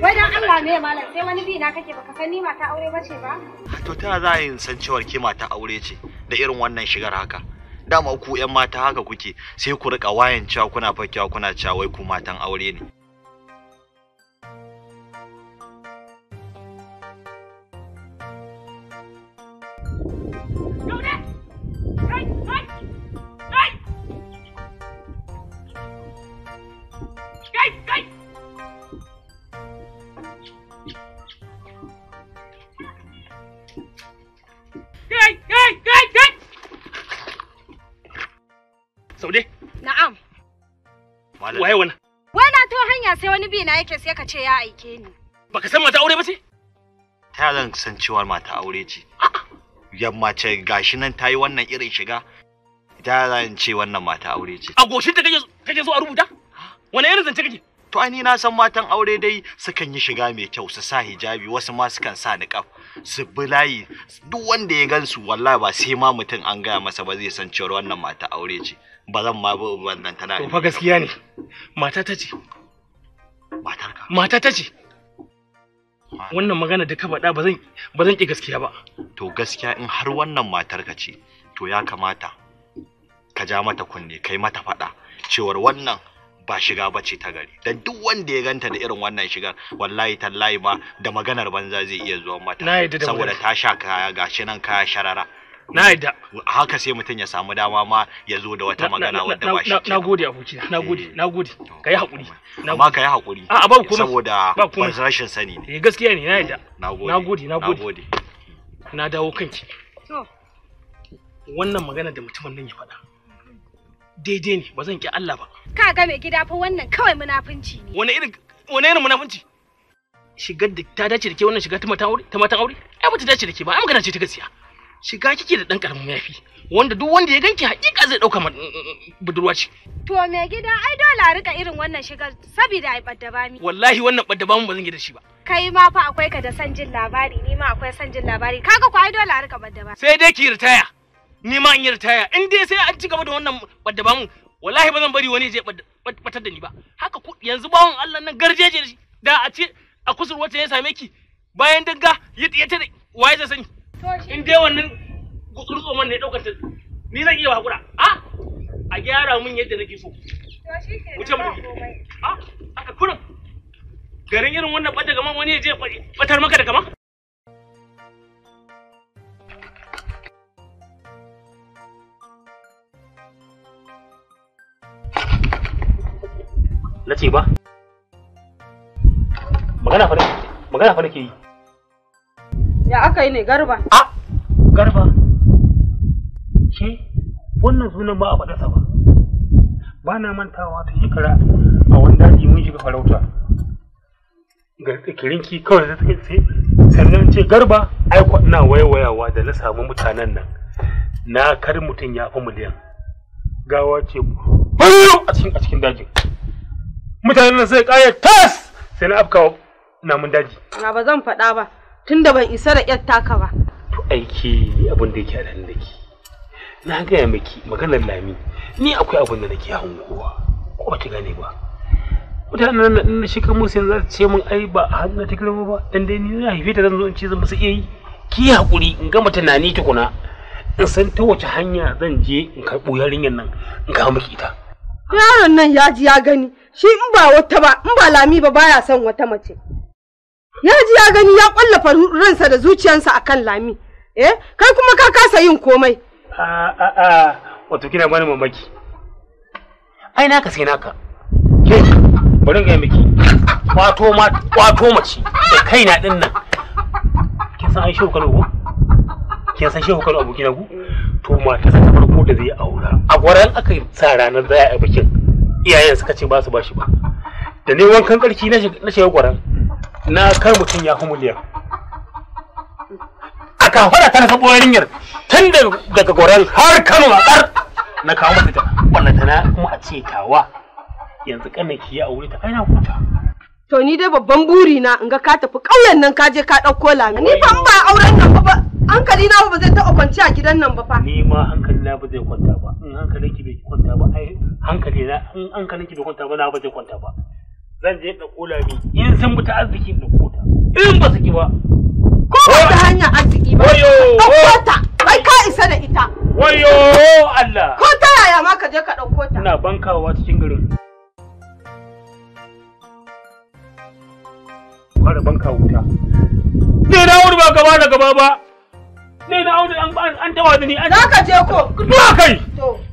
Wai dan Allah ne malam sai wani bi na kake baka san mata aure bace ba? To ta za in san cewar ki mata aure ce da irin wannan shigar haka. Dama ku ƴan mata haka kuke sai ku rika wayan cewa kuna fakewa kuna cewa wai ku matan aure ne. kai kai kai kai kai kai saude na'am waye wannan wai na to hanya sai wani bi na yake sai ka ce ya aike ni baka san mata aure ba ce ta zan san cewa mata aure ce yamma ce gashi nan ta yi wannan irin shiga ta zan ce wannan mata aure ce a goshin ta kake so a rubuta wani yana zance kake to ni na san matan aure dai sukan yi shiga mai kyau su sa hijabi wasu ma sukan sa niqab su bi layi duk wanda ya gansu wallahi ba sai ma mutum an gaya masa ba zai san cewa wannan mata aure ce ba zan ma ba wannan tana to fa gaskiya ne mata ta ce matarka mata ta ce wannan magana da ka faɗa ba zan ba zan ki gaskiya ba to gaskiya in har wannan matarka ce to ya kamata ka ja mata kunne kai mata faɗa cewar wannan ba shiga ba ce ta gari dan duk wanda ya ganta da irin wannan shigar wallahi tallahi ma da maganar banza zai iya zuwa mata saboda ta sha kaya gashi nan kaya sharara na yadda haka sai mutum ya samu dama ma ya zo da wata magana wadda ba shi na gode abuci na gode eh. na gode ka yi haƙuri amma ka yi haƙuri a ba kuma saboda ba rashin sani ne eh, gaskiya ne na yadda na gode na gode na dawo kanki wannan magana da mutumin nan ya faɗa daidai ne ba zan ki Allah ba ka ga mai gida fa wannan kawai munafunci ne wani irin wani irin munafunci shigar da ta dace da ke wannan shiga ta matan aure ta matan aure ai ba ta dace da ke ba ai magana ce ta gaskiya shiga kike da dan karamin yafi wanda duk wanda ya ganki hakika zai dauka mm, mm, mm, budurwa ce to me gida ai dole a rika irin wannan shigar saboda ai badda bami wallahi wannan badda mu ba zan gida shi ba kai ma fa akwai ka da san jin labari ni ma akwai san jin labari kaga ko ai dole a rika badda ba sai dai ki ritaya ni ma in yi ritaya in dai sai an ci gaba da wannan badda mu wallahi ba zan bari wani je batar da ni ba haka yanzu ba wani Allah nan garjeje shi da a ce a kusur wata ya same ki bayan danga ya ta waye zai sani in dai wannan rutso man ne daukar ta ni zan iya hakura a a gyara mun yadda nake so wuce mu a a kurin garin irin wannan badda gaman wani ya je batar maka da kama na ce ba magana fa magana fa nake yi ya aka yi ne garba a garba shi wannan sunan ba a faɗa ba ba na mantawa ta shekara a wani daji mun shiga farauta ga kirinki kawai da take sai sannan ce garba ai ina waiwayawa da na samu mutanen nan na kar mutum ya fi miliyan gawa ce a a cikin dajin mutanen nan sai kayar tas sai na afkawa namun daji na ba zan faɗa ba tunda ban isa da yar taka ba to aiki abin da yake da ke na gaya miki maganar lami ni akwai abin da nake hankowa, ko ba gane ba mutanen nan na shiga musu yanzu za su ce min ai ba a hannu ta girma ba dan dai ni na haife ta zan zo in ce zan musu iya yi ki hakuri in gama tunani tukuna in san ta wace hanya zan je in karɓo yarinyar nan in kawo miki ita yaron nan ya ji ya gani shi in ba wata ba in ba lami ba baya son wata mace ya ji ya gani ya kwallafa ransa da zuciyarsa akan lami eh kai kuma ka kasa yin komai a a a wato kina gani mamaki ai naka sai naka ke bari in ga miki wato ma wato mace da kaina din nan kin san ai shehu kalgo kin san shehu abokina ku to mata ta farko da zai aura a gwaran aka sa ranar za a bikin iyayen suka ce ba su bashi ba da ne wankan karki na shiga gwaran na kar mutum ya fi miliyan a kafara ta ɓoyar yarinyar tun daga gwaran har kano a kar na kawo mata ta na tana kuma a ce tawa yanzu kanin ki ya wuri ta na kuta. to ni dai babban buri na in ga ka tafi ƙauyen nan ka je ka ɗauko lami ni fa ba auren nan ba hankali na ba zai taɓa kwanci a gidan nan ba fa ni ma hankali na ba zai kwanta ba in hankali ki bai kwanta ba ai hankali na in hankali ki bai kwanta ba na ba zai kwanta ba zan je da kula mi in sun buta arziki da kota in ba saki ba ko ba ta hanyar arziki ba ɗauko ta ai ka isa da ita wayo Allah ko ta yaya ma ka je ka ɗauko ta ina bankawa cikin garin fara banka wuta. na wuri ba gaba da gaba ba, Ni na auna an tawa da ni. Za ka je ko? Ba kai.